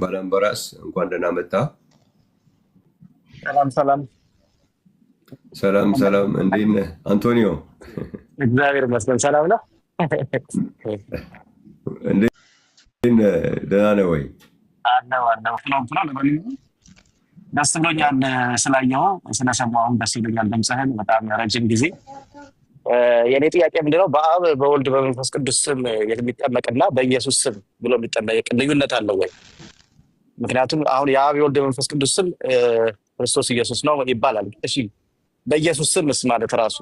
ባላምባራስ እንኳን ደህና መጣ። ሰላም ሰላም ሰላም ሰላም፣ እንዴት ነህ አንቶኒዮ? እግዚአብሔር ይመስገን ሰላም ነው። እንዴት ደህና ነህ ወይ? አለው አለው ፍላንት ነው። ለማንኛውም ደስ ብሎኛል ስላየሁ ስለሰማሁም ደስ ብሎኛል። ድምፅህን በጣም ረጅም ጊዜ የእኔ ጥያቄ ምንድነው? በአብ በወልድ በመንፈስ ቅዱስ ስም የሚጠመቅና በኢየሱስ ስም ብሎ የሚጠመቅ ልዩነት አለው ወይ? ምክንያቱም አሁን የአብ የወልድ መንፈስ ቅዱስ ስም ክርስቶስ ኢየሱስ ነው ይባላል። እሺ በኢየሱስ ስምስ ማለት ራሱ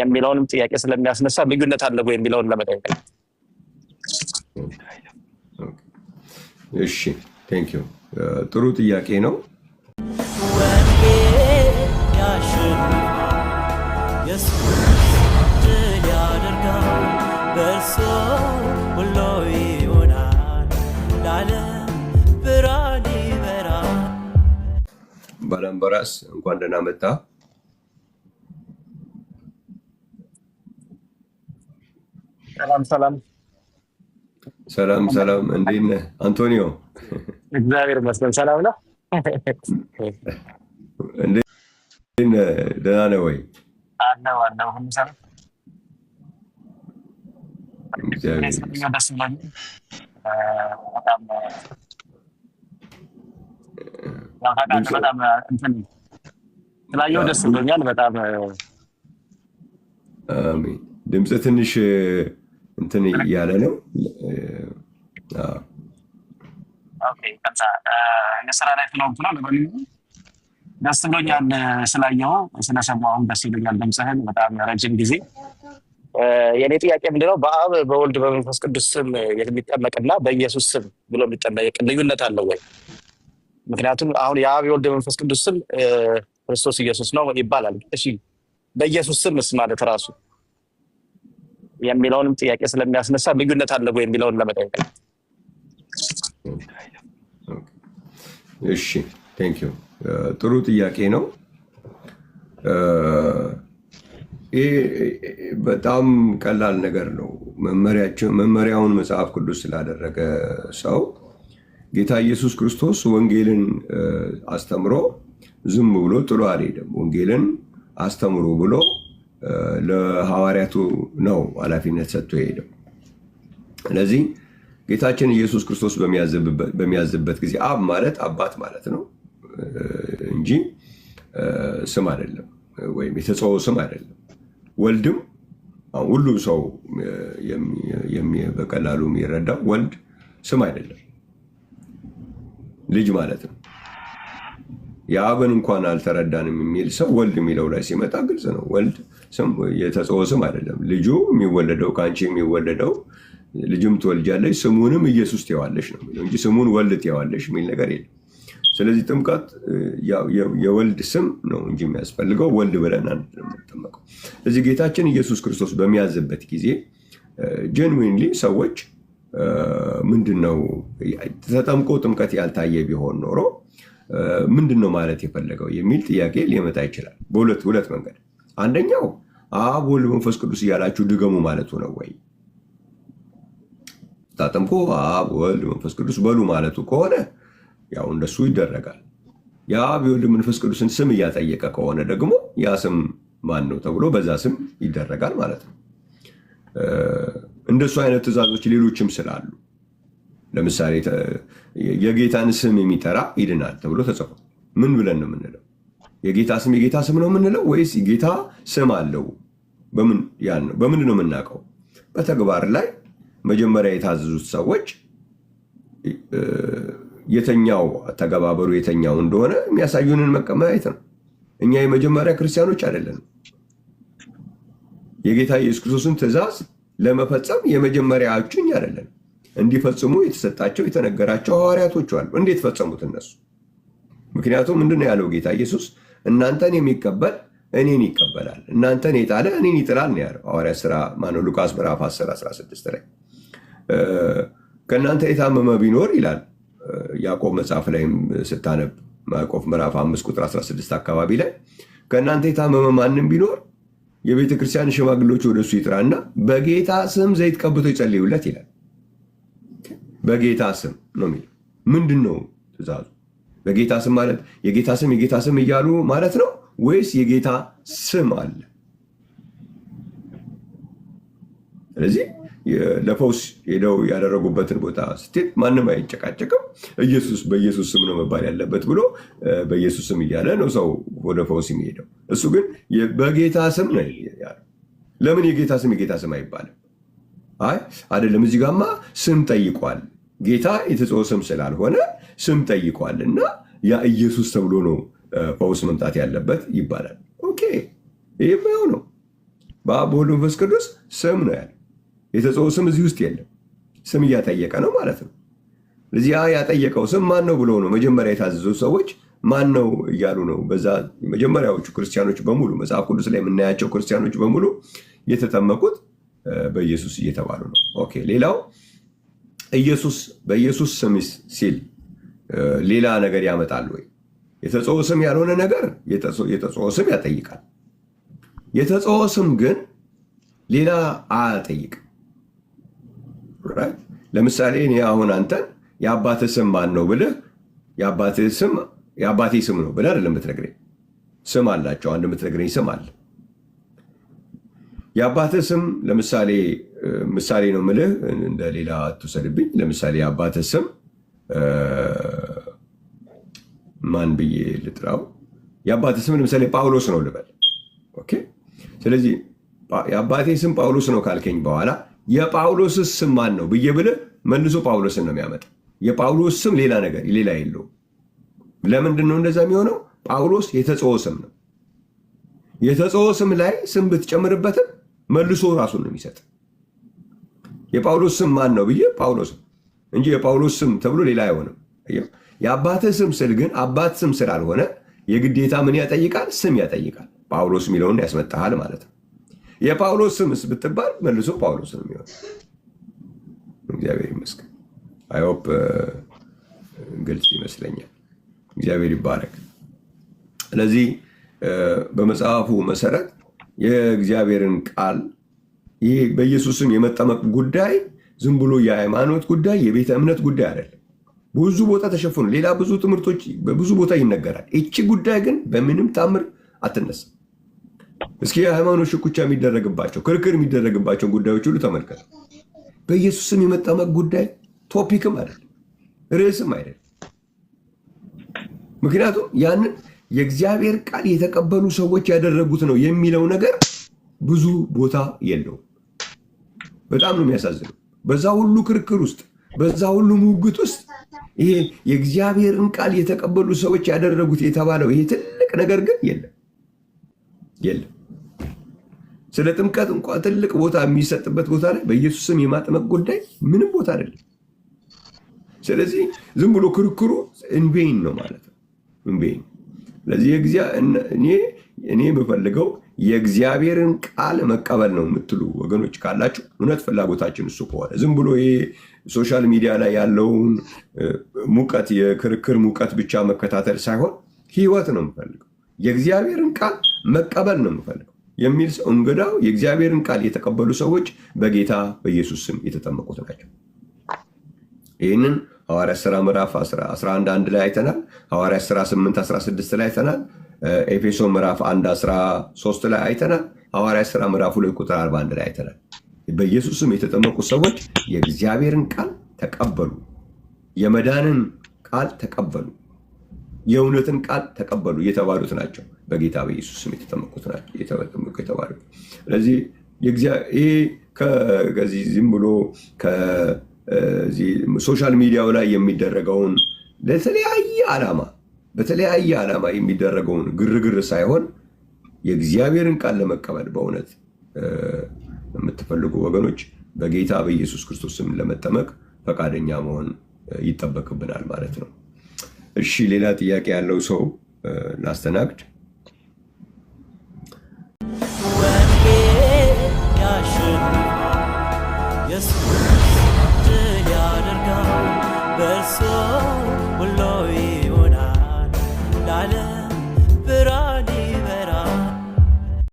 የሚለውንም ጥያቄ ስለሚያስነሳ ልዩነት አለው የሚለውን ለመጠየቅ። እሺ ቴንክ ዩ ጥሩ ጥያቄ ነው። ሰላም በራስ እንኳን ደህና መጣ። ሰላም ሰላም ሰላም ሰላም፣ እንዴት ነህ አንቶኒዮ? እግዚአብሔር ይመስገን ሰላም ነው። እንዴት ነህ? ደህና ነህ ወይ? አለው አለው፣ ሁሉ ሰላም ደስ በጣም ታውቃለህ። በጣም እንትን ስላየው ደስ ብሎኛል። በጣም ድምፅ ትንሽ እንትን እያለ ነው። የስራ ላይ ስለሆንኩ ነው። ለማንኛውም ደስ ብሎኛል ስላየው ስለሰማሁም ደስ ይሉኛል። ድምፅህን በጣም ረጅም ጊዜ የእኔ ጥያቄ ምንድነው? በአብ በወልድ በመንፈስ ቅዱስ ስም የሚጠመቅና በኢየሱስ ስም ብሎ የሚጠመቅ ልዩነት አለው ወይ? ምክንያቱም አሁን የአብ የወልድ መንፈስ ቅዱስ ስም ክርስቶስ ኢየሱስ ነው ይባላል። እሺ በኢየሱስ ስምስ ማለት ራሱ የሚለውንም ጥያቄ ስለሚያስነሳ ልዩነት አለው የሚለውን ለመጠየቅ። እሺ ቴንክ ዩ ጥሩ ጥያቄ ነው። ይህ በጣም ቀላል ነገር ነው። መመሪያውን መጽሐፍ ቅዱስ ስላደረገ ሰው ጌታ ኢየሱስ ክርስቶስ ወንጌልን አስተምሮ ዝም ብሎ ጥሎ አልሄደም። ወንጌልን አስተምሮ ብሎ ለሐዋርያቱ ነው ኃላፊነት ሰጥቶ የሄደው። ስለዚህ ጌታችን ኢየሱስ ክርስቶስ በሚያዝበት ጊዜ አብ ማለት አባት ማለት ነው እንጂ ስም አይደለም፣ ወይም የተጸው ስም አይደለም። ወልድም ሁሉም ሰው በቀላሉ የሚረዳው ወልድ ስም አይደለም። ልጅ ማለት ነው። የአብን እንኳን አልተረዳንም የሚል ሰው ወልድ የሚለው ላይ ሲመጣ ግልጽ ነው። ወልድ የተጸውዖ ስም አይደለም። ልጁ የሚወለደው ከአንቺ የሚወለደው ልጅም ትወልጃለች ስሙንም ኢየሱስ ትየዋለች ነው የሚለው እንጂ ስሙን ወልድ ትየዋለች የሚል ነገር የለም። ስለዚህ ጥምቀት የወልድ ስም ነው እንጂ የሚያስፈልገው ወልድ ብለን አንጠመቀው። ስለዚህ ጌታችን ኢየሱስ ክርስቶስ በሚያዝበት ጊዜ ጀንዊንሊ ሰዎች ምንድን ነው ተጠምቆ ጥምቀት ያልታየ ቢሆን ኖሮ ምንድን ነው ማለት የፈለገው የሚል ጥያቄ ሊመጣ ይችላል። በሁለት ሁለት መንገድ፣ አንደኛው አብ ወልድ መንፈስ ቅዱስ እያላችሁ ድገሙ ማለቱ ነው ወይ ታጠምቆ አብ ወልድ መንፈስ ቅዱስ በሉ ማለቱ ከሆነ ያው እንደሱ ይደረጋል። የአብ የወልድ መንፈስ ቅዱስን ስም እያጠየቀ ከሆነ ደግሞ ያ ስም ማን ነው ተብሎ በዛ ስም ይደረጋል ማለት ነው። እንደሱ አይነት ትእዛዞች ሌሎችም ስላሉ ለምሳሌ የጌታን ስም የሚጠራ ይድናል ተብሎ ተጽፏል። ምን ብለን ነው የምንለው? የጌታ ስም የጌታ ስም ነው የምንለው ወይስ ጌታ ስም አለው? በምን ነው የምናውቀው? በተግባር ላይ መጀመሪያ የታዘዙት ሰዎች የተኛው ተገባበሩ የተኛው እንደሆነ የሚያሳዩንን መቀመያየት ነው። እኛ የመጀመሪያ ክርስቲያኖች አይደለንም። የጌታ ኢየሱስ ክርስቶስን ትእዛዝ ለመፈጸም የመጀመሪያ እጩ አይደለን። እንዲፈጽሙ የተሰጣቸው የተነገራቸው ሐዋርያቶች አሉ። እንዴት ፈጸሙት እነሱ? ምክንያቱም ምንድን ነው ያለው ጌታ ኢየሱስ? እናንተን የሚቀበል እኔን ይቀበላል፣ እናንተን የጣለ እኔን ይጥላል ነው ያለው ሐዋርያ ስራ ማነው ሉቃስ ምዕራፍ 10 16 ላይ ከእናንተ የታመመ ቢኖር ይላል ያዕቆብ መጽሐፍ ላይም ስታነብ ያዕቆብ ምዕራፍ 5 ቁጥር 16 አካባቢ ላይ ከእናንተ የታመመ ማንም ቢኖር የቤተ ክርስቲያን ሽማግሌዎች ይጥራ ይጥራና በጌታ ስም ዘይት ቀብቶ ይጸልዩለት ይላል። በጌታ ስም ነው የሚለው። ምንድን ነው ትእዛዙ? በጌታ ስም ማለት የጌታ ስም የጌታ ስም እያሉ ማለት ነው ወይስ የጌታ ስም አለ? ስለዚህ ለፈውስ ሄደው ያደረጉበትን ቦታ ስትሄድ ማንም አይጨቃጨቅም። ኢየሱስ በኢየሱስ ስም ነው መባል ያለበት ብሎ በኢየሱስ ስም እያለ ነው ሰው ወደ ፈውስ የሚሄደው። እሱ ግን በጌታ ስም ነው። ለምን የጌታ ስም የጌታ ስም አይባልም? አይ አይደለም፣ እዚህ ጋማ ስም ጠይቋል። ጌታ የተጸውዖ ስም ስላልሆነ ስም ጠይቋል እና ያ ኢየሱስ ተብሎ ነው ፈውስ መምጣት ያለበት ይባላል። ኦኬ ይህ ያው ነው። በአብ በወልድ በመንፈስ ቅዱስ ስም ነው ያለ። የተጸውዖ ስም እዚህ ውስጥ የለም። ስም እያጠየቀ ነው ማለት ነው። ስለዚህ ያ ያጠየቀው ስም ማን ነው ብሎ ነው መጀመሪያ የታዘዙ ሰዎች ማን ነው እያሉ ነው። በዛ መጀመሪያዎቹ ክርስቲያኖች በሙሉ መጽሐፍ ቅዱስ ላይ የምናያቸው ክርስቲያኖች በሙሉ የተጠመቁት በኢየሱስ እየተባሉ ነው። ኦኬ ሌላው ኢየሱስ በኢየሱስ ስም ሲል ሌላ ነገር ያመጣል ወይ? የተጸውኦ ስም ያልሆነ ነገር የተጸውኦ ስም ያጠይቃል። የተጸውኦ ስም ግን ሌላ አያጠይቅም። ለምሳሌ እኔ አሁን አንተን የአባትህ ስም ማን ነው ብልህ የአባትህ ስም የአባቴ ስም ነው ብለህ አይደለም የምትነግረኝ። ስም አላቸው። አንድ የምትነግረኝ ስም አለ። የአባትህ ስም ለምሳሌ ምሳሌ ነው ምልህ፣ እንደሌላ አትውሰድብኝ። ለምሳሌ የአባትህ ስም ማን ብዬ ልጥራው? የአባትህ ስም ለምሳሌ ጳውሎስ ነው ልበል። ኦኬ። ስለዚህ የአባቴ ስም ጳውሎስ ነው ካልከኝ በኋላ የጳውሎስ ስም ማን ነው ብዬ ብልህ መልሶ ጳውሎስን ነው የሚያመጣ። የጳውሎስ ስም ሌላ ነገር ሌላ የለውም። ለምንድን ነው እንደዛ የሚሆነው? ጳውሎስ የተጸኦ ስም ነው። የተጸኦ ስም ላይ ስም ብትጨምርበትም መልሶ ራሱን ነው የሚሰጥ። የጳውሎስ ስም ማን ነው ብዬ ጳውሎስ እንጂ የጳውሎስ ስም ተብሎ ሌላ አይሆንም። የአባትህ ስም ስል ግን አባት ስም ስላልሆነ የግዴታ ምን ያጠይቃል? ስም ያጠይቃል። ጳውሎስ የሚለውን ያስመጣሃል ማለት ነው። የጳውሎስ ስምስ ብትባል መልሶ ጳውሎስ ነው የሚሆን። እግዚአብሔር ይመስገን። አይሆፕ ግልጽ ይመስለኛል። እግዚአብሔር ይባረክ። ስለዚህ በመጽሐፉ መሰረት የእግዚአብሔርን ቃል ይህ በኢየሱስም የመጠመቅ ጉዳይ ዝም ብሎ የሃይማኖት ጉዳይ የቤተ እምነት ጉዳይ አይደለም። ብዙ ቦታ ተሸፍኖ ሌላ ብዙ ትምህርቶች በብዙ ቦታ ይነገራል። እቺ ጉዳይ ግን በምንም ታምር አትነሳም። እስኪ የሃይማኖት ሽኩቻ የሚደረግባቸው ክርክር የሚደረግባቸውን ጉዳዮች ሁሉ ተመልከቱ። በኢየሱስም የመጠመቅ ጉዳይ ቶፒክም አይደለም፣ ርዕስም አይደለም። ምክንያቱም ያንን የእግዚአብሔር ቃል የተቀበሉ ሰዎች ያደረጉት ነው የሚለው ነገር ብዙ ቦታ የለውም። በጣም ነው የሚያሳዝነው። በዛ ሁሉ ክርክር ውስጥ፣ በዛ ሁሉ ሙግት ውስጥ ይሄ የእግዚአብሔርን ቃል የተቀበሉ ሰዎች ያደረጉት የተባለው ይሄ ትልቅ ነገር ግን የለም የለም። ስለ ጥምቀት እንኳ ትልቅ ቦታ የሚሰጥበት ቦታ ላይ በኢየሱስ ስም የማጥመቅ ጉዳይ ምንም ቦታ አይደለም። ስለዚህ ዝም ብሎ ክርክሩ ኢንቬይን ነው ማለት ነው። እምቢ ስለዚህ እኔ እኔ የምፈልገው የእግዚአብሔርን ቃል መቀበል ነው የምትሉ ወገኖች ካላችሁ እውነት ፍላጎታችን እሱ ከሆነ ዝም ብሎ ይሄ ሶሻል ሚዲያ ላይ ያለውን ሙቀት የክርክር ሙቀት ብቻ መከታተል ሳይሆን ህይወት ነው የምፈልገው። የእግዚአብሔርን ቃል መቀበል ነው የምፈልገው የሚል ሰው እንግዳው የእግዚአብሔርን ቃል የተቀበሉ ሰዎች በጌታ በኢየሱስ ስም የተጠመቁት ናቸው። ይህንን ሐዋርያ ሥራ ምዕራፍ 11 1 ላይ አይተናል። ሐዋርያ ሥራ 8 16 ላይ አይተናል። ኤፌሶ ምዕራፍ 1 13 ላይ አይተናል። ሐዋርያ ሥራ ምዕራፍ 2 ቁጥር 41 ላይ አይተናል። በኢየሱስም የተጠመቁ ሰዎች የእግዚአብሔርን ቃል ተቀበሉ፣ የመዳንን ቃል ተቀበሉ፣ የእውነትን ቃል ተቀበሉ የተባሉት ናቸው። በጌታ በኢየሱስም የተጠመቁት ናቸው የተጠመቁ የተባሉት። ስለዚህ ይህ ከዚህ ዝም ብሎ ሶሻል ሚዲያው ላይ የሚደረገውን ለተለያየ ዓላማ በተለያየ ዓላማ የሚደረገውን ግርግር ሳይሆን የእግዚአብሔርን ቃል ለመቀበል በእውነት የምትፈልጉ ወገኖች በጌታ በኢየሱስ ክርስቶስ ስም ለመጠመቅ ፈቃደኛ መሆን ይጠበቅብናል ማለት ነው። እሺ፣ ሌላ ጥያቄ ያለው ሰው ላስተናግድ። So.